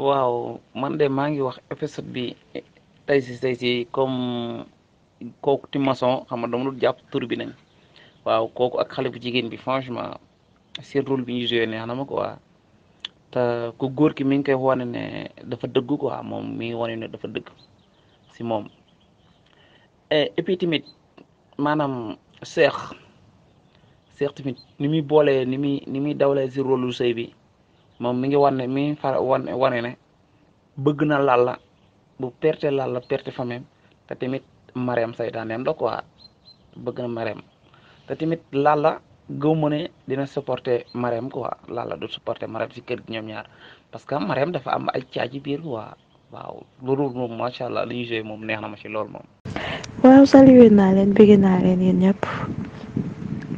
waaw man de maa ngi wax épisode bi tey si tey si comme kooku ti maçon xam nga dama dul jàpp tur bi nañ waaw kooku ak xale bu jigéen bi franchement seen rôle bi ñu joué neex na ma waa te ku góor ki mi ngi koy wane ne dafa dëgg quoi moom mi ngi wane ne dafa dëgg si moom eh, et puis tamit maanaam seex seex tamit ni muy boole ni muy ni muy dawalee si rôle lu sëy bi moom mi ngi wane mi ngi far wane ne bëgg na Lalla bu perte Lalla perte famem te tamit Marème saytaaneem la quoi bëgg na Marème te tamit Lalla gëw ma ne dina supporter Marème quoi Lalla du supporter Marème si kër gi ñoom ñaar parce que Marème dafa am ay caaji biir quoi waaw loolu moom allah li ñu moom neex na ma si loolu moom. waaw salué naa leen bëgg naa leen yéen ñëpp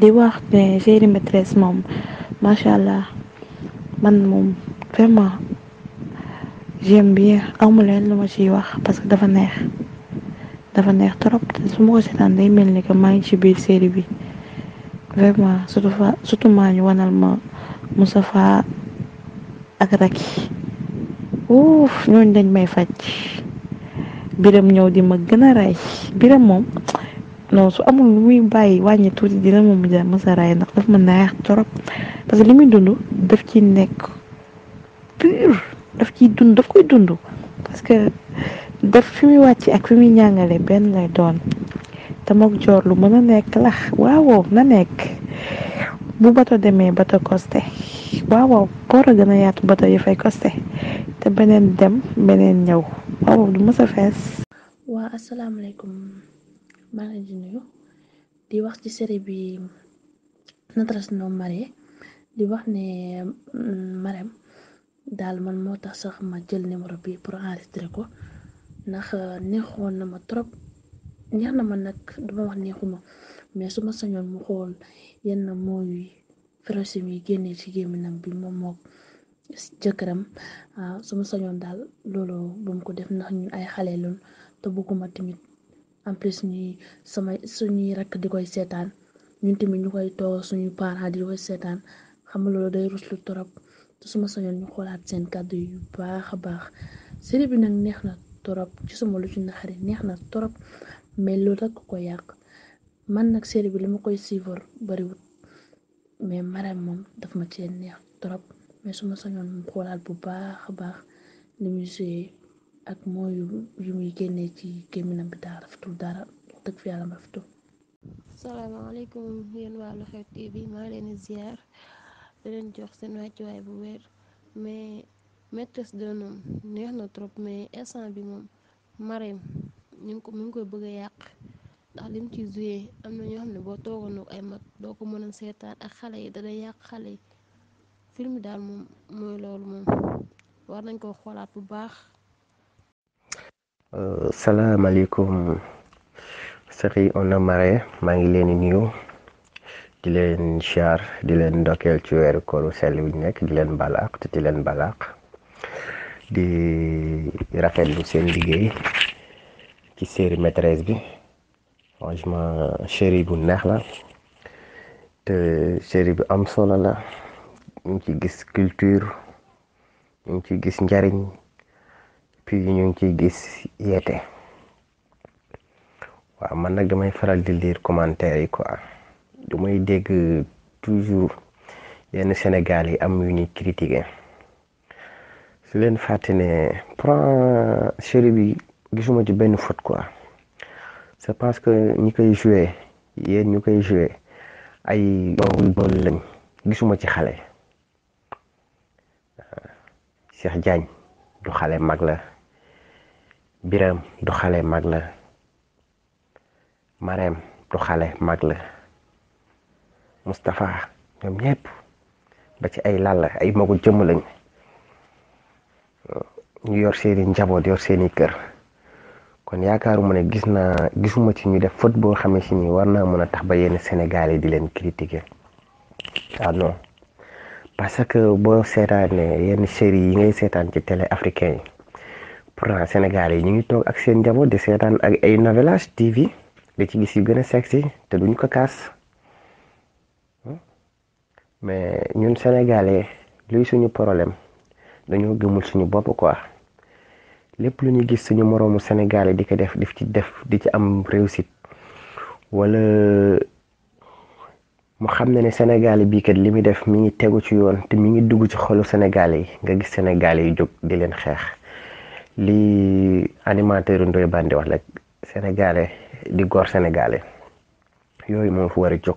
di wax ne série maîtresse moom macha allah. man vraiment j'aime bien aw ma lu ma ciy wax parce que dafa neex dafa neex trop su ma ko seetaan day mel ni que maa ngi ci biir série bi vraiment surtout fa surtout ñu wanal ma Moustapha ak Racky uuf ñooñu dañ may faj biram ñëw di ma gën a rey biram moom non su amul lu muy bàyyi wàññi tuuti dina moom mujj a mës rey ndax daf ma neex trop parce que li muy dund daf ci nekk pur daf ciy dund daf koy dund parce que def fi muy wàcc ak fi muy ñàngale benn lay doon te mook joor lu mën a nekk lax waawoo na nekk bu bato demee bato costé waawoo boor a gën a yaatu bato yi fay costé te beneen dem beneen ñëw waawoo du mës fees waa asalaamaaleykum maa di wax ci série bi Maîtresse d'un homme marié di wax ne mm, Marème daal man moo tax sax ma jël numéro bi pour enregistrer ko ndax euh, neexoon na ma trop neex na ma nag dama wax neexuma mais su ma sañoon mu xool yenn mooy fraises yi génnee ci gémminam bi moom mook jëkkëram ah, su ma sañoon daal loolu bu ko def ndax ñun ay xale loon te bëgguma tamit en plus ñuy sama suñuy rakk di koy seetaan ñun tamit ñu koy toog suñu parents di koy seetaan xam nga loolu day ruslu torop te suma sañoon ñu xoolaat seen kàddu yu baax a baax série bi nag neex na torop ci suma lu ci naxari neex na torop mais lu rek ko yàq man nag série bi li ma koy suivre bariwut mais Marème moom daf ma cee neex torop mais suma sañoon mu xoolaat bu baax a baax li muy sée ak mooy yu muy génnee ci gémminam bi daa rafetul dara dëgg fi yàlla ma rafetul salaamaaleykum yéen waa Lu Xew TV maa leen di di leen jox seen wàccuwaay bu wér mais maîtresse d'un homme neex na trop mais instant bi moom Marème ñu ngi ko mu ngi koy bëgg a yàq ndax lim ci joué am na ñoo xam ne boo toogoon ay mag doo ko mën a seetaan ak xale yi dana yàq xale yi film bi daal moom mooy loolu moom war nañ ko xoolaat bu baax. Euh, salaamaaleykum sëriñ on a maa ngi leen di nuyu. di leen char di leen ndokkeel ci weeru kooru sell wi ñu nekk di leen balaax te di leen balaax di lu seen liggéey ci série maîtresse bi franchement série bu neex la te série bu am solo la ñu ngi ci gis culture ñu ngi ci gis njariñ puis ñu ngi ciy gis yeete waaw man nag damay faral di lire commentaire yi quoi du damay dégg toujours yenn Sénégal yi am yu ñuy su leen fàtte ne prend série bi gisuma ci benn faute quoi c'est parce que ñi koy joué yéen ñu koy joué ay dool lañ gisuma ci xale Cheikh Diagne du xale mag la Biram du xale mag la Marème du xale mag la Moustapha ñoom ñëpp ba ci ay lalla ay magu jëmm lañ yor seeni njaboot yor seeni kër kon yaakaaruma ne gis na gisuma ci ñu def faute boo xamee si ni war naa mën a tax ba yenn Sénégal yi di leen critiquer ah non parce que boo seetaanee yenn séries yi ngay seetaan ci télé africain yi pourtant yi ñu ngi toog ak seen njaboot di seetaan ak ay novelas TV di ci gis yu gën a sexy te duñ ko kaas. mais ñun sénégalais luy suñu problème dañoo gëmul suñu bopp quoi lépp lu ñu gis suñu moroomu sénégalais di ko def di ci def di ci am réussite wala mu xam ne ne sénégalais bii kat li muy def mi ngi tegu ci yoon te mi ngi dugg ci xolu senegale yi nga gis sénégalais yi jóg di leen xeex li animateur Ndoye Bane di wax rek sénégalais di gor sénégalais yooyu moo fi war a jóg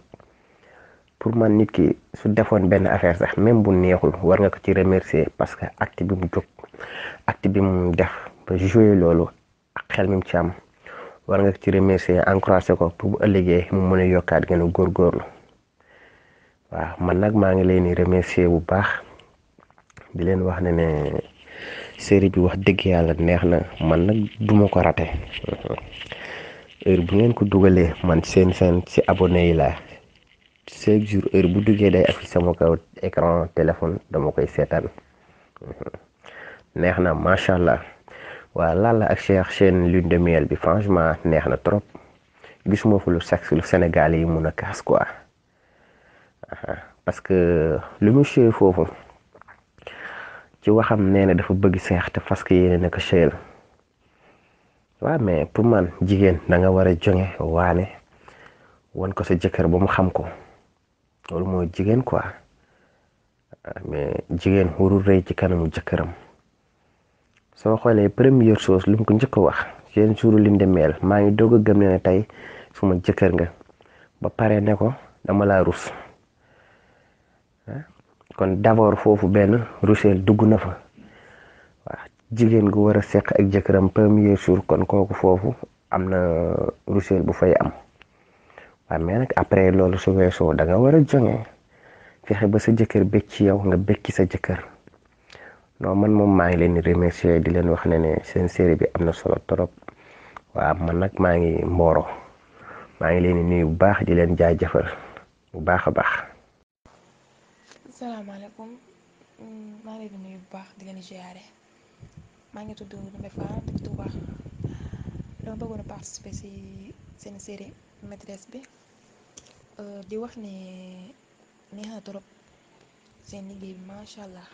pour man nit ki su defoon benn affaire sax même bu neexul war nga ko ci remercier parce que acte bi mu jóg acte bi mu def ba joué loolu ak xel mi mu war nga ko ci remercier encouragé ko pour bu ëllëgee mu mën a yokkaat gën a góorgóorlu waaw man nag maa ngi leen di remercier bu baax di leen wax ne ne série bi wax dëgg yàlla neex na man nag duma ko rate heure bu ngeen ko dugalee man seen seen si abonné laa chaque jour heure bu duggee day affiché sama kaw écran téléphone dama koy seetaan neex na macha allah waa Lalla ak Cheikh seen lune de miel bi franchement neex na trop gisuma fu lu sax lu Sénégal yi mun a kaas quoi parce que lu mu séy foofu ci waxam nee na dafa bëgg seex te parce que yéene na ko séyal waaw mais pour man jigéen da nga war a jonge waane wan ko sa jëkkër ba mu xam ko loolu mooy jigéen quoi mais jigéen warul rëy ci kanamu jëkkëram soo xoolee première chose lu mu ko njëkk a wax seen suuru lim de meel maa ngi doog a gëm ne tey suma jëkkër nga ba pare ne ko dama laa rus kon d'abord foofu benn rusel dugg na fa waaw jigéen gu war a seq ak jëkkëram premier jour kon kooku foofu am na rusel bu fay am waaw mais nag après loolu su weesoo danga nga war a joŋee fexe ba sa jëkkër bëgg ci yow nga bëgg ci sa jëkkër non man moom maa ngi leen di remercier di leen wax ne ne seen série bi am na solo trop waaw man nag maa ngi mbooro maa ngi leen di nuyu bu baax di leen jaajëfal bu baax a baax. salaamaaleykum maa ngi leen di nuyu maîtresse bi euh, di wax ne neex na trop seen liggéey bi macha allah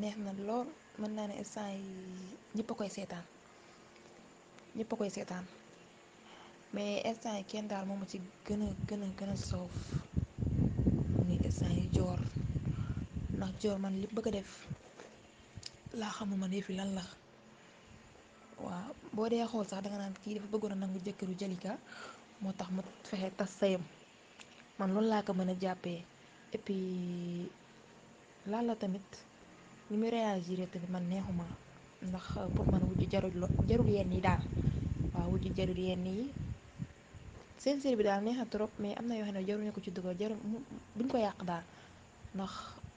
neex na lool mën naa ne instant yi ñëpp a koy seetaan ñëpp a koy seetaan mais instant yi kenn daal moom ci gën a gën a gën a soof muy instant yi joor ndax joor man li bëgg a def laa xamuma ne fi lan la. waaw boo dee xool sax danga naan kii dafa bëggoon a nangu jëkkëru Jalika moo tax mu fexe tas sayam man loolu laa ko mën a jàppee et puis Lalla tamit ni mu réagir tamit man neexuma ndax euh, pour man wujj jarul jarul yenn yi daal waaw wujj jarul yenn yi seen série bi daal neexa trop mais am na yoo xam ne jaruñu ko ci dugal jarul buñ ko yàq daal ndax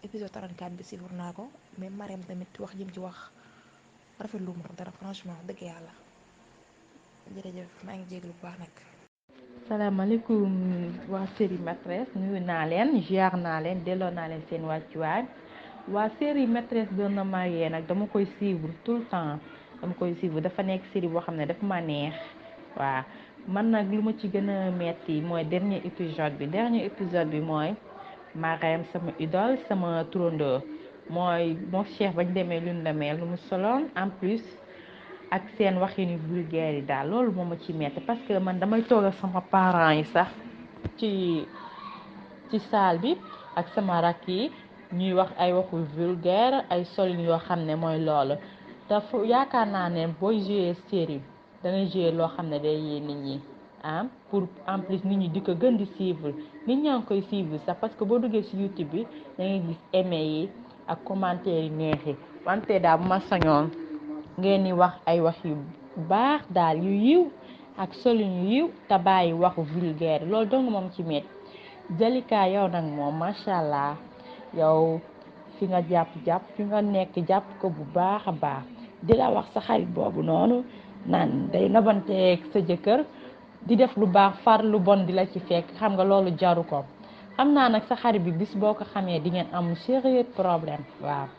épisode 34 bi sifur naa ko mais Marème tamit wax jëm ci wax rafetlu ma dara franchement dëgg yàlla maa ngi jéglu bu baax nag. salaamaaleykum waa série maîtresse nuyu naa leen ziar naa leen delloo naa leen seen wàccuwaay waa série maîtresse d'un homme marié nag dama koy suivre tout le temps dama koy suivre dafa nekk série boo xam ne dafa ma neex waaw man nag lu ma ci gën a metti mooy dernier épisode bi dernier épisode bi mooy Marème sama idole sama turandoo. mooy moo cheikh bañ demee lu la mel lu mu soloon en plus ak seen waxinu vulgaire yi daal loolu moom ma ci metti parce que man damay toogal sama parent yi sax ci ci saal bi ak sama rakk yi ñuy wax ay waxu vulgaire ay solin yoo xam ne mooy loolu dafa yaakaar naa ne booy jouer série dana jouer loo xam ne day yee nit ñi ah pour en plus nit ñi di ko gën di suivre nit ñaa ngi koy suivre sax parce que boo duggee ci YouTube bi da gis aimé yi ak commentaire yi wante daal bu ma sañoon ngeen di wax ay wax yu baax daal yu yiw ak solin yu yiw te bàyyi waxu vulgaire loolu dong moom ci met Jalika yow nag moom macha allah yow fi nga jàpp jàpp fi nga nekk jàpp ko bu baax a baax di wax sa xarit boobu noonu naan day nabanteeg sa jëkkër di def lu baax far lu bon di la ci fekk xam nga loolu jaru ko. am naa nag sa xarit bi bis boo ko xamee di ngeen am sérieux problème waaw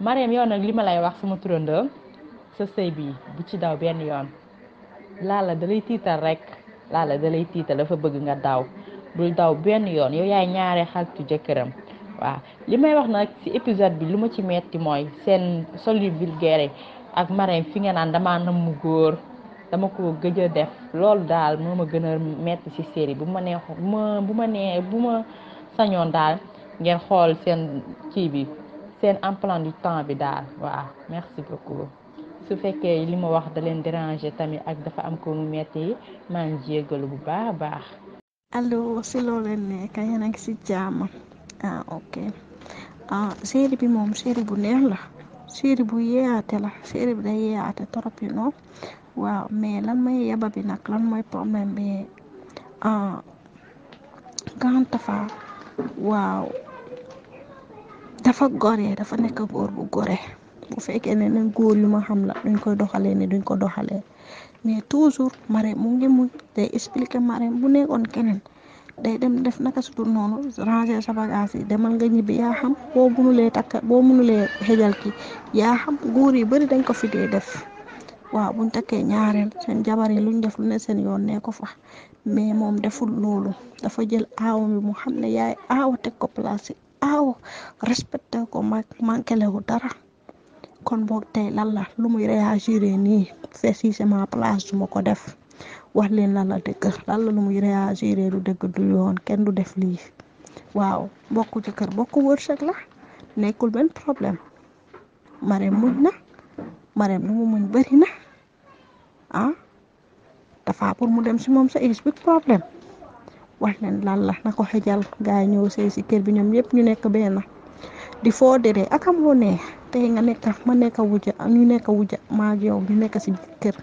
Marème yoon nag li ma lay wax sama turandoo sa sëy bi bu ci daw benn yoon laal da lay tiital rek laala da lay tiital dafa bëgg nga daw bul daw benn yoon yow yaay ñaare xaritu jëkkëram waaw li may wax na ci épisode bi lu ma ci metti mooy seen soli vulgaire ak Marème fi nga naan damaa namm góor dama ko gëj a def loolu daal moo ma gën a metti ci série bu ma nee ma bu ma nee bu ma sañoon daal ngeen xool seen kii bi seen emploi du temps bi daal waa merci beaucoup su fekkee li ma wax da leen déranger tamit ak dafa am ko mu metti maa ngi jéggalu bu baax a baax. allo si loo leen nekk a ngi si jàmm ah ok ah, bi moom série bu neex la série bu yeeyaate la série bi day yeeyaate trop noonu. waaw mais lan may yaba bi nag lan mooy problème bi ah, Grand Tapha waaw dafa gore dafa nekk góor bu gore bu fekkee ne nag góor yu ma xam la duñ koy doxalee ni duñ ko doxalee mais toujours Marème mu ngi muñ day expliquer Marème bu nekkoon keneen day dem def naka sutur noonu ranger sa bagage yi demal nga ñibbi yaa xam boo munulee takk boo munulee xejal ki yaa xam góor yi bari dañ ko fi dee def. waaw buñ takkee ñaareel seen jabar yi luñ def lu ne seen yoon ne ko fa mais moom deful loolu dafa jël aaw bi mu xam ne yaay aaw teg ko place yi aaw ko manqué lewu dara kon boog tey lan la lu muy réagir nii fees yi sama place du ma ko def wax leen lan la lan la lu muy réagir du dëgg du yoon kenn du def lii waaw bokku ci kër bokku wërsëg la nekkul benn problème Marème muñ na Marème lu muñ na. ah dafa pour mu dem si moom sa explique problème wax leen lan la na ko xejal gaa yi ñëw sëy si kër bi ñoom yëpp ñu nekk benn di foo deree ak am loo neex tey nga nekk ma nekk wujja ñu nekk wujja maa ak yow nekk si kër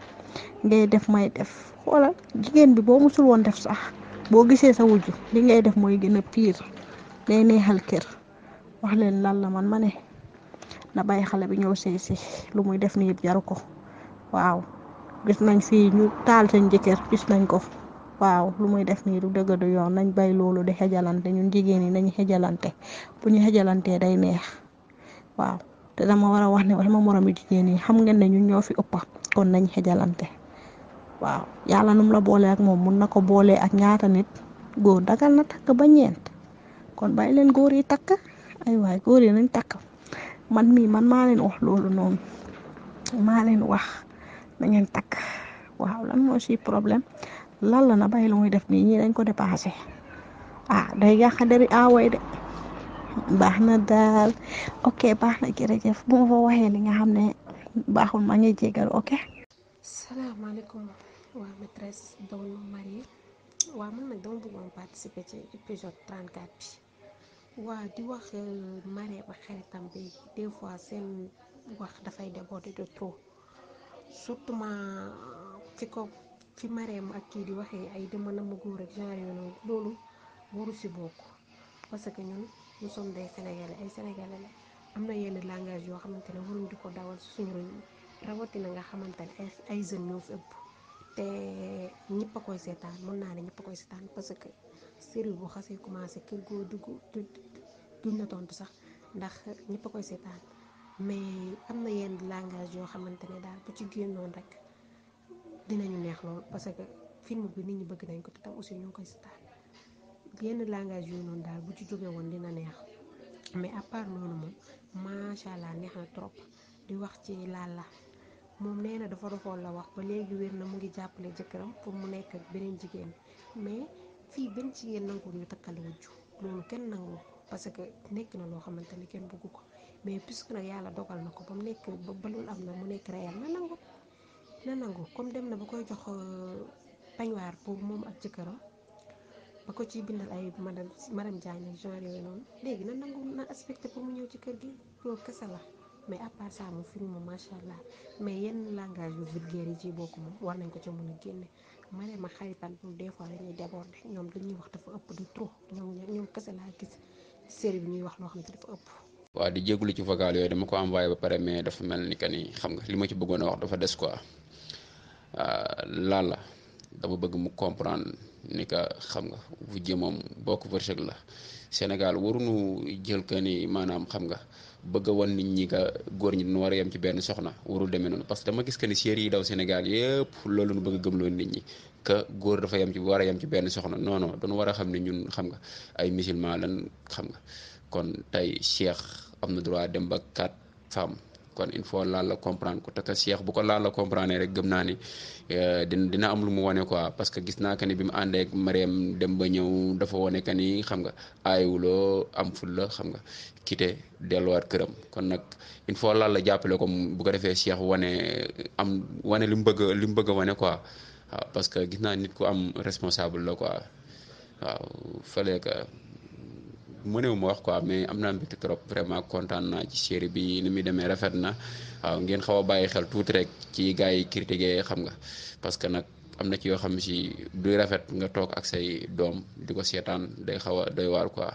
ngay def may def xoolal jigéen bi boo musul woon def sax boo gisee sa wujju li ngay def mooy gën a piir day kër wax leen lan la man ma ne na bàyyi xale bi ñëw sëy si lu muy def ni yëpp jaru ko waaw gis nañ fii ñu taal seen jëkkër gis nañ ko lu muy def nii du dëgg du yoon nañ bay loolu di xejalante ñun jigéen ñi nañu xejalante bu ñu xejalantee day neex waaw te dama war a wax ne sama moromu jigéen ñi xam ngeen ne ñu ñoo fi ëpp kon nañ xejalante waaw yàlla num la boole ak moom mun na ko boole ak ñaata nit góor dagal na takk ba ñeent kon bay leen góor yi takk ay waay nañ takk man mii man maa leen wax loolu noonu maa leen wax. na ngeen takk waaw lan moo si problème lan la na bàyyi lu muy def nii ñii dañ ko dépassé ah day yàq dari aaway de baax na daal ok baax na jërëjëf bu ma fa waxee li nga xam ne baaxul maa ngi jégal ok. salaamaaleykum waa maîtresse d'un homme marié waa man nag dama bëggoon participer ci épisode 34 di wax euh, marié ba dafay déborder de trop. surtout ma fi ko fi mareem ak kii di waxee ay dama na ma góor ak genre yooyu noonu loolu waru si bokk parce que ñun nous sommes des sénégalais ay sénégalais la am na yenn langage yoo xamante ne waruñ di ko dawal si suñu réew mi rawatina nga xamante ne ay jeunes ñoo fi ëpp te ñëpp a koy seetaan mën naa ne ñëpp a koy seetaan parce que série bu xasee commencé kër goo dugg duñ na tontu sax ndax ñëpp a koy seetaan. mais am na yenn langage yoo xamante ne daal bu ci génnoon rek dinañu neex lool parce que film bi nit ñi bëgg nañ ko te tam aussi ñu ngi koy seetaan yenn langage yooyu daal bu ci jóge woon dina neex mais à part noonu moom macha allah neex na trop di wax ci laal la moom nee na dafa doxoon la wax ba léegi wér na mu ngi jàppale jëkkëram pour mu nekk ak beneen jigéen mais fii benn jigéen nanguwul ñu takkale wujju loolu kenn nangu parce que nekk na loo xamante ni kenn bëggu ko. mais puisque nag yàlla dogal na ko ba mu nekk ba loolu am na mu nekk réel na nangu na nangu comme dem na ba koy jox euh, pañwaar pour moom ak jëkkëram ba ko ci bindal ay madame madame Diagne ak genre yooyu noonu léegi na nangu na aspecté pour mu ñëw ci kër gi loolu kese la mais à part ça moom film moom macha allah mais yenn langage yu vulgaire yi ci bokk moom war nañ ko ci mën a génne ma ne ma xaritaan boobu des fois dañuy débordé ñoom dañuy wax dafa ëpp du trop ñoom ñoom kese laa gis série ñuy wax loo xam ne ëpp. waa di jégalu ci vocal yooyu dama ko envoyé ba pare mais dafa mel ni que ni xam nga li ma ci bëggoon a wax dafa des quoi euh, la dama bëgg mu comprendre ni que xam nga wujje moom bokk wërsëg la Sénégal waruñu jël que ni maanaam xam nga bëgg a wan nit ñi que góor ñi dañu war a yem ci soxna warul demee noonu parce que dama gis que ni yi daw Sénégal yëpp loolu nu bëgg a gëmloo nit ñi góor dafa yem ci war a yem ci benn soxna non non dañu war a xam ne ñun xam nga ay musulman lan xam nga. kon tey cheikh am na droit dem ba quatre femmes kon il faut laal la comprendre ko te que cheikh bu ko laal la comprendre rek gëm naa ne euh, dina dina am lu mu wane quoi parce que gis naa que ni bi mu àndee ak dem ba ñëw dafa wane que ni xam nga aayuloo am ful xam nga kite delluwaat këram kon nag il faut laal la jàppale ko bu ko defee cheikh wane am wane li bëgg li bëgg a wane quoi parce que gis naa nit ku am responsable la quoi waaw fële mënewu ma wax quoi mais am naa mbégte trop vraiment kontaan na ci série bi ni muy demee rafet na waaw ngeen xaw a bàyyi xel tuuti rek ci gars yi critiqué xam nga parce que nag am na ci yoo xam si du rafet nga toog ak say doom di ko seetaan day xaw a doy waar quoi.